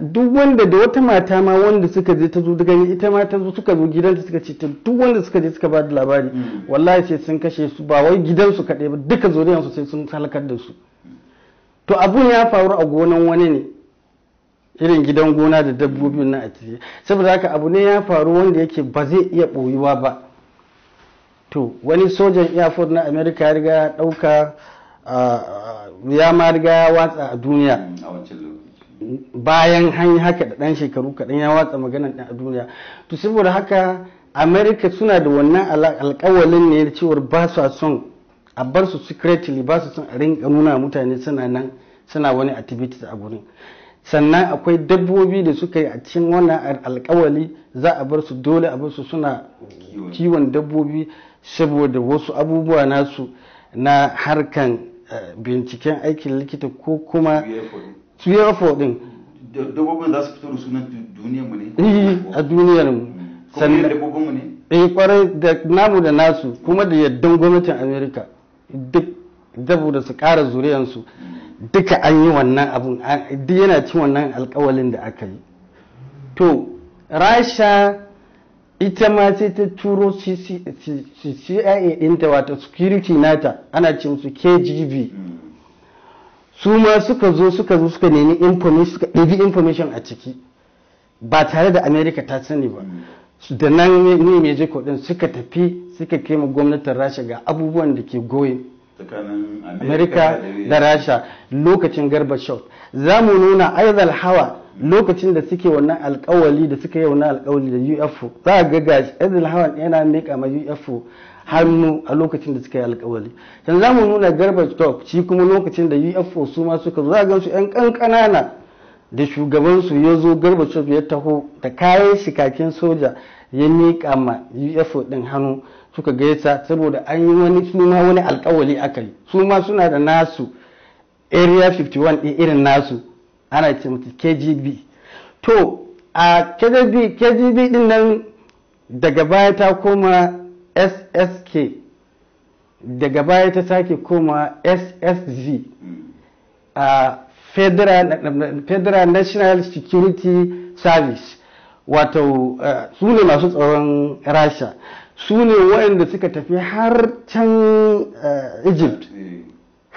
duk wanda da wata mata ma wanda suka je ta zo daga ita ma ta zo suka zo gidanta suka ce duk wanda suka je suka ba da labari mm. wallahi sai sun kashe su ba wai gidansu kaɗai ba duka zuriyarsu sai sun halakar da su to abun ya faru a gonan wani ne irin gidan gona da dabbobi na a ciki saboda haka abu ne ya faru wanda yake ba zai iya ɓoyuwa ba to wani sojan airford na america ya riga ya ɗauka ya ma riga ya watsa a duniya mm, bayan hanyar haka da ɗan shekaru kaɗan ya watsa magana ɗin a duniya to saboda haka america suna da wannan alkawalin ne da cewar ba su son a bar su secretly ba su son a rinka nuna mutane suna nan suna wani activities a gurin sannan akwai dabbobi da suka yi a cikin wannan alkawali za a bar su dole a bar su suna kiwon dabbobi saboda wasu abubuwa nasu na harkan eh, binciken aikin likita ko kuma su yi rafo din dabbobin za su fito da sunan duniyar mu ne eh, a duniyar mu mm. sannan dabbobin mu ne eh kwarai da namu da nasu kuma da yaddan gwamnatin america duk dabu da su kara zuriyansu duka an yi wannan abun duk yana cin wannan alkawalin da aka yi to rasha ita ma sai ta turo cia ɗinta wata security nata ana ce musu kgb su ma suka zo suka zo suka nemi information suka a ciki ba tare da america ta sani ba da nan ne mai je kudin suka tafi suka kai ma gwamnatin rasha ga abubuwan da ke goyi america da rasha lokacin garba shot za mu nuna aizal hawa lokacin da suke wannan alkawali da suka yi wannan alkawali da UFO za a ga gashi Ezil Hawan yana mika ma UFO hannu a lokacin da suka yi alkawali yanzu za mu nuna garba talk shi kuma lokacin da UFO su ma suka zo za a gansu yan kankanana da shugabansu ya zo Gorbachev ya taho da kayan shikakin soja ya miƙa ma UFO ɗin hannu suka gaisa saboda an yi wani suma wani alkawali aka yi su suma suna da nasu area 51 ɗin irin nasu ana ce mutu kgb to a kgb kgb din nan daga baya ta koma ssk daga baya ta sake koma ssg a federal, federal national security service wato su ne masu tsaron rasha su ne waɗanda suka tafi har can egypt eh.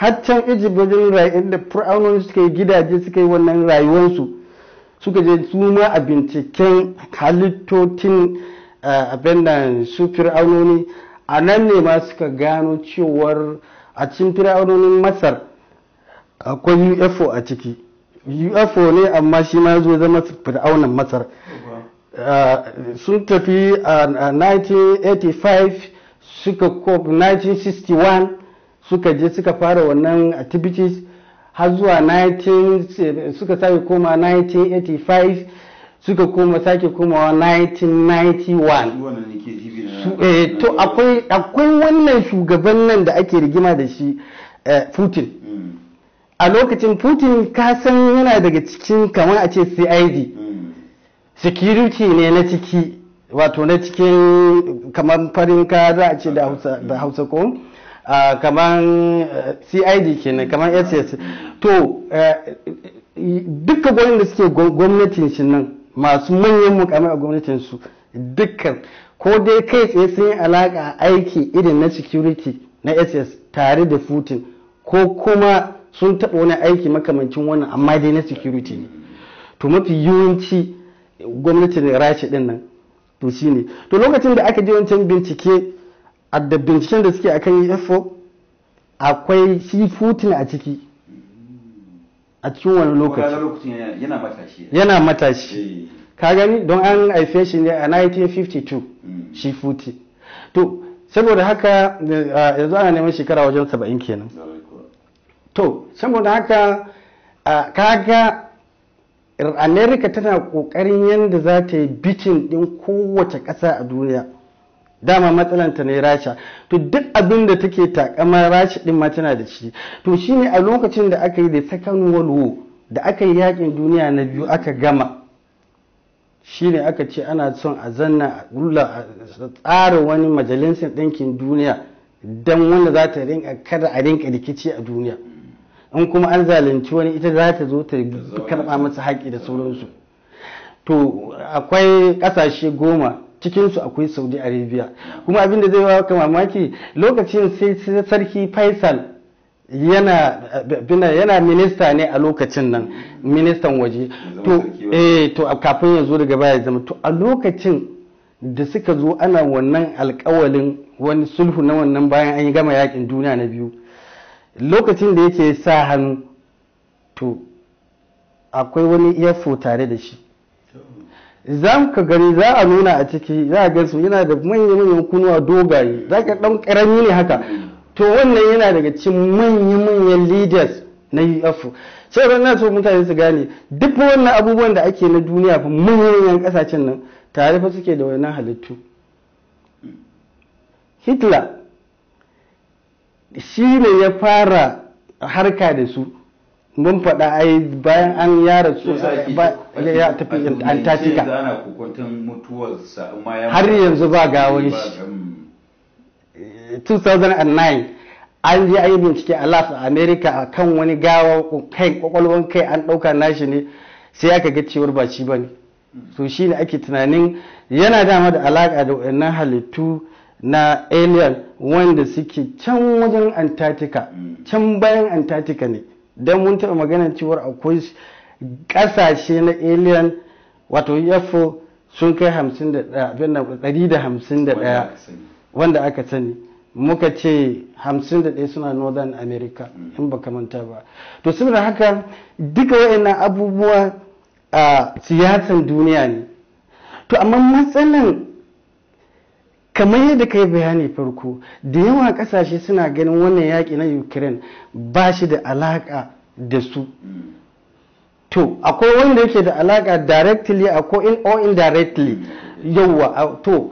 haccan egypt wajen inda fir'aunoni suka yi gidaje suka yi wannan rayuwarsu suka je su ma a binciken halittotin abin su fir'aunoni a nan ne ma suka gano cewar a cikin fir'aunonin masar akwai ufo a ciki ufo ne amma shi ma zo zama fir'aunan masar sun tafi a 1985 suka 1961 suka je suka fara wannan activities har zuwa 19 suka sake koma 1985 suka koma sake komawa 1991 eh, to akwai wannan shugaban nan da ake rigima da shi eh, putin mm. a lokacin putin ka san yana daga cikin kamar a ce cid mm. security ne na ciki wato na cikin kamar farin ka za a ce da hausa ko kamar eh, cid kenan kamar ss to eh, duka gwamnati da suke gwamnatin shi nan masu manyan mukamai a gwamnatin su dukkan ko dai kai tsaye sun yi alaka aiki irin na security na ss tare da putin ko kuma sun taɓa wani aiki makamancin wannan amma dai na security ne to mafi yawanci gwamnatin rashi din nan to shine to lokacin da aka je wancan bincike a da binciken da suke a kan UFO akwai shi Putin a ciki a cikin wani lokaci yana matashi eh. ka gani don an haife shi ne a 1952 mm. shi futi. to saboda haka eh, yanzu ana neman shekara wajen 70 kenan to saboda haka ka ga Amerika tana kokarin yadda za ta yi bikin din kowace ƙasa a duniya dama matsalan matsalanta ne rasha to duk abin da take takama rasha din ma tana da shi to shine a lokacin da aka yi da second world war da aka yi yakin duniya na biyu aka gama shine aka ce ana son a zanna a tsara wani majalisar ɗinkin duniya don wanda za ta rinka kada a rinka rikici a duniya in kuma an zalunci wani ita za ta zo ta karɓa masa haƙi da sauransu to akwai ƙasashe goma cikin su akwai saudi arabia kuma abinda zai ba mamaki lokacin sai sarki faisal yana yana minista ne a lokacin nan ministan waje to eh kafin ya zo daga baya zama to a lokacin da suka zo ana wannan alkawalin wani sulhu na wannan bayan an yi gama yakin duniya na biyu lokacin da yake sa hannu to akwai wani yaso tare da shi za ka gani za a nuna a ciki za a gansu yana da manya-manyan kunuwa dogaye za ka ɗan ƙarami ne haka to wannan yana daga cikin manya-manyan leaders na UF sai ran na so mutane su gane duk wannan abubuwan da ake na duniya fa manyan ƙasashen nan tare fa suke da wannan halittu Hitler shi ne ya fara harka da su mun faɗa ai bayan an ya rasu ya tafi antarctica har yanzu ba gawon shi 2009 eh, an je ayi bincike a las america a kan wani gawa kai kwakwalwan kai an ɗauka nashi ne sai aka ga cewar ba shi ba ne hmm. so shi ne ake tunanin yana dama da alaƙa da waɗannan halittu na alien wanda suke can wajen antarctica hmm. can bayan antarctica ne don mun taɓa maganar cewar akwai ƙasashe na alien wato UFO sun kai 151 wanda aka sani muka ce 51 suna northern america mm. in ba manta ba to saboda haka duka waɗannan abubuwa a ah, siyasan duniya ne to amma matsalan kamar yadda ka yi bayani farko da yawa kasashe suna ganin wannan yaƙi na ukraine ba shi da alaƙa da su to akwai wanda yake da alaƙa directly ko in or indirectly yawa to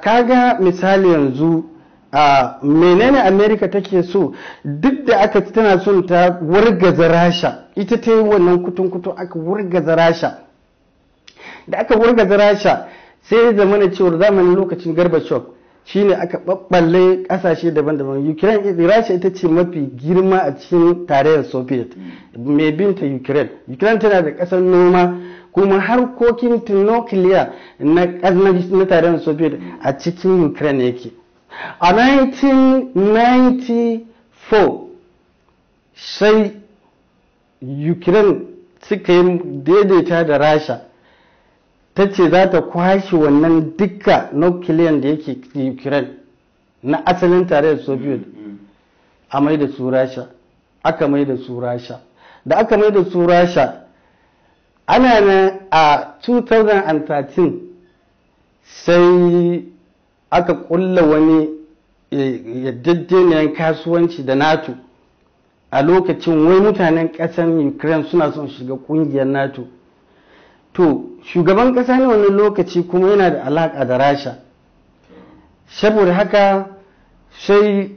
kaga misali yanzu a menene america take so duk da aka ci tana son ta wargaza rasha ita ta yi wannan kutun-kutun aka wargaza rasha da aka wargaza rasha sai zamana cewar zamanin lokacin gorbachev shine aka babballe kasashe daban-daban ukraine rasha ita ce mafi girma a cikin tarayyar soviet mai binta ukraine ukraine tana da kasar noma kuma harkokin nukiliya na tarayyar soviet a cikin ukraine yake a 1994 sai ukraine suka yi daidaita da rasha ta ce za ta kwashe wannan dukka nukiliyan da yake ukraine na asalin tarayyar soviet a mai da su rasha aka mai da su rasha da aka mai da su rasha ana na a 2013 sai aka kulla wani e, yadda kasuwanci da nato a lokacin wai mutanen ƙasar ukraine suna son shiga ƙungiyar nato to shugaban kasa na wani lokaci kuma yana da alaƙa da rasha saboda haka sai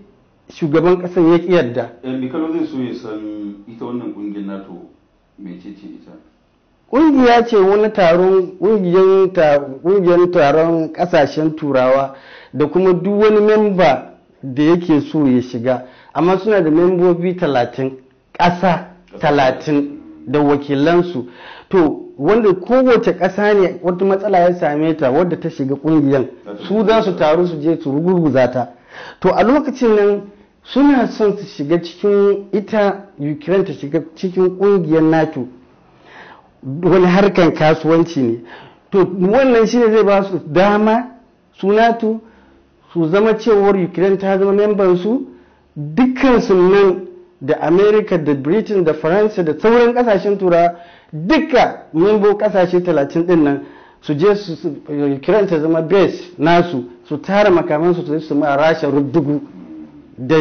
shugaban kasan ya ƙi yarda eh, ya ƙungiya ce wani taron ƙungiyar taron ƙasashen turawa da kuma duk wani memba da yake so ya shiga amma suna da membobi talatin ƙasa talatin da wakilansu to wanda kowace ƙasa ne wata matsala ya same ta wadda ta shiga ƙungiyar su za su taru su je su rugurguza ta to a lokacin nan suna son su shiga cikin ita ukraine ta shiga cikin ƙungiyar nato wani harkan kasuwanci ne to wannan shine zai ba su dama su nato su zama cewar ukraine ta zama membansu dukkan su nan da america da britain da faransa da sauran kasashen tura duka membo kasashe 30 din nan su je su eh, kiranta zama base nasu su tara makamansu su su ma rasha rubdugu da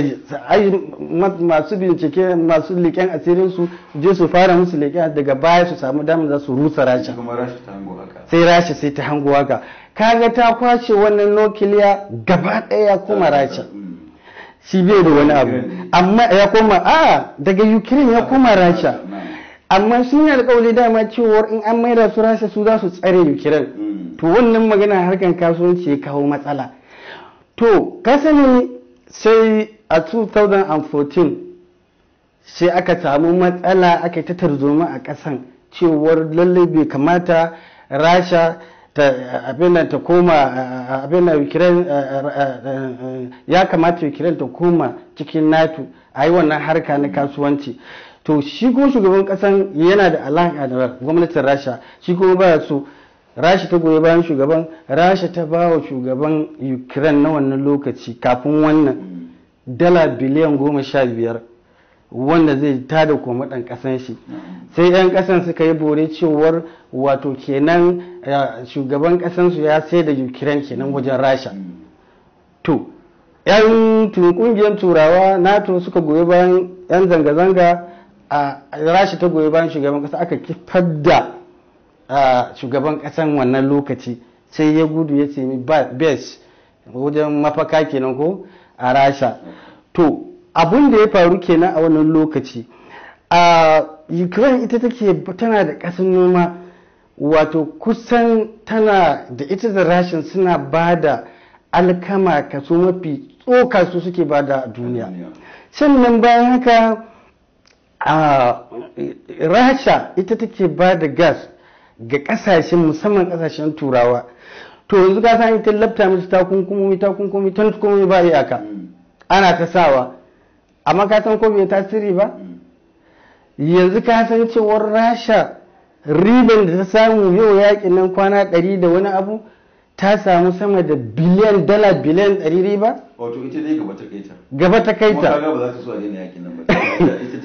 masu bincike masu leƙen asirin su je su fara musu leƙen daga baya su samu damar za su rusa rasha sai rasha sai ta hango haka kaga ta kwace wannan nukiliya gaba ɗaya kuma rasha shi bai da wani abu amma ya koma a ah, daga ukraine ya koma rasha amma sun yi alkawali dama cewa in an maida su rasha su za su tsare ukraine mm. to wannan magana harkar kasuwanci ya kawo matsala to kasani sai a 2014 sai aka samu matsala aka ta tarzoma a kasan cewar lallai bai kamata rasha ta eh, eh, ya kamata ukraine ta koma cikin nato a yi wannan harka na kasuwanci to shi kuma shugaban kasan yana da alaƙa da gwamnatin rasha shi kuma ba so rasha ta goyi bayan shugaban rasha ta ba wa shugaban ukraine na wannan lokaci kafin wannan dala biliyan goma sha biyar wanda zai tada koma ɗan ƙasan shi sai 'yan ƙasan suka yi bore cewar wato kenan shugaban su ya sai da ukraine kenan wajen rasha to 'yan ƙungiyar turawa nato suka goyi bayan 'yan zanga-zanga a rasha ta goyi bayan shugaban ƙasa aka kifar da shugaban ƙasan wannan lokaci sai ya gudu ya ce bes wajen mafaka kenan ko a rasha to abun da ya faru kenan a wannan lokaci a ukraine ita take tana da ƙasar noma wato kusan tana da ita da rashin suna ba da alkama kaso mafi tsoka su suke ba da duniya sannan bayan haka a rasha ita take ba da gas ga kasashen musamman kasashen turawa to yanzu ka san ita lafta musu takunkumi takunkumi tantukumi ba iyaka mm. ana ta sawa amma ka san ko bai tasiri ba yanzu ka san cewar rasha riban da ta samu yau yakin nan kwana ɗari da wani abu ta samu sama da biliyan dala biliyan ɗari riba? wato ita dai gaba ta kaita gaba ta kaita ba za so a daina nan ba